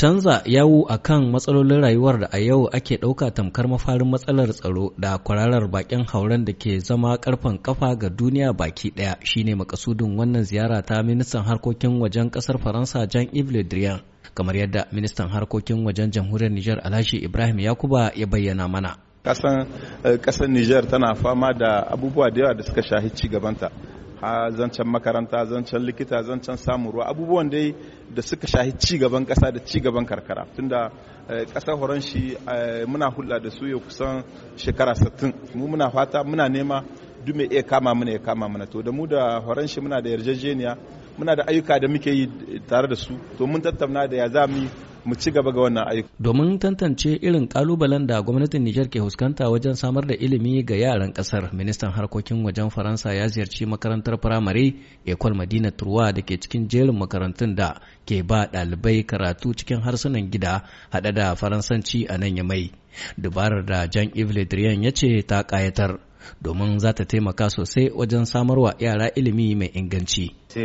canza yawo a kan matsalolin rayuwar da a yau ake ɗauka tamkar mafarin matsalar tsaro da kwararar bakin hauren da ke zama karfan kafa ga duniya baki ɗaya shine makasudin wannan ziyara ta ministan harkokin wajen kasar faransa jean-yves le drian kamar yadda ministan harkokin wajen jamhuriyar niger alhaji ibrahim yakuba ya bayyana mana kasan eh, nijar niger tana fama da abubuwa da yawa da suka shahi ci gabanta a zancen makaranta zancen likita zancen samun ruwa abubuwan dai da suka shahi ci gaban kasa da ci gaban karkara tunda kasar eh, horon shi eh, muna hulɗa da su ya kusan shekara 60 mu muna fata muna nema duk mai iya kama mana ya kama mana to da mu da horon shi muna da yarjejeniya muna da ayyuka da muke yi tare da su to mun tattauna da ya za mu mu ci gaba ga wannan aiki. Domin tantance irin kalubalen da gwamnatin Nijar ke fuskanta wajen samar da ilimi ga yaran kasar, ministan harkokin wajen Faransa ya ziyarci makarantar firamare Ecole Madina Turwa da ke cikin jerin makarantun da ke ba ɗalibai karatu cikin harsunan gida haɗe da Faransanci a nan mai Dubarar da jan yves ya ce ta ƙayatar domin za ta taimaka sosai wajen samarwa yara ilimi mai inganci. A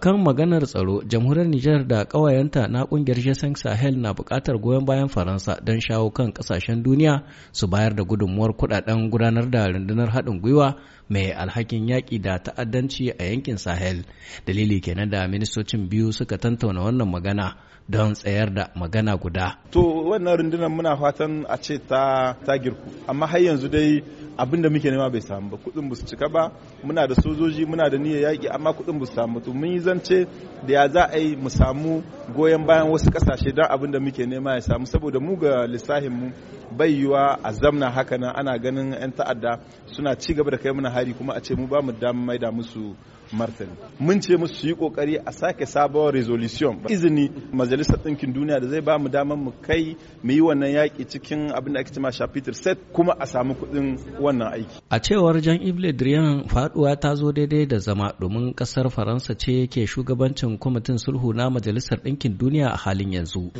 kan maganar tsaro, jamhuriyar Nijar da ƙawayenta na ƙungiyar g Sahel na buƙatar goyon bayan Faransa don shawo kan ƙasashen duniya su bayar da gudunmuwar kuɗaɗen gudanar da rundunar haɗin gwiwa mai alhakin yaƙi da ta'addanci a yankin Sahel. Dalili kenan da ministocin biyu suka tantauna wannan magana don tsayar da magana guda. To wannan rundunar muna fatan a ce ta girku, amma har yanzu dai abin da muke nema bai samu ba kudin ba su cika ba muna da sojoji muna da niyyar yaƙi amma kudin ba su samu to mun yi zance da ya za a yi mu samu goyon bayan wasu kasashe don abin da muke nema ya samu saboda mu ga lissahin mu bai yiwa a zamna haka nan ana ganin 'yan ta'adda suna ci gaba da kai muna hari kuma a ce mu ba mu damar maida musu martani mun ce musu su yi kokari a sake sabon resolution izini majalisar ɗinkin duniya da zai ba mu damar mu kai mu yi wannan yaƙi cikin abin da ake cewa chapitre 7 kuma a samu kuɗin wannan aiki. A cewar jan yves Drian faduwa ta zo daidai da zama domin kasar Faransa ce ke shugabancin kwamitin sulhu na Majalisar Ɗinkin Duniya a halin yanzu.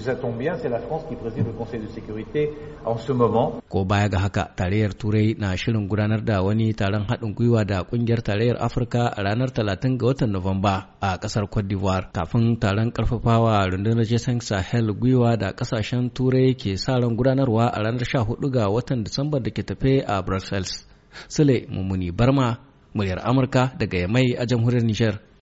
Ko baya ga haka tarayyar Turai na shirin gudanar da wani taron haɗin gwiwa da ƙungiyar tarayyar Afirka a ranar 30 ga watan Nuwamba a ƙasar Cote d'Ivoire kafin taron ƙarfafawa rundunar Jason Sahel gwiwa da ƙasashen Turai ke sa ran gudanarwa a ranar 14 ga watan Disamba da ke tafe a Brussels. Fels. Sule muni Barma, muryar Amurka daga Yamai a jamhuriyar Nijar.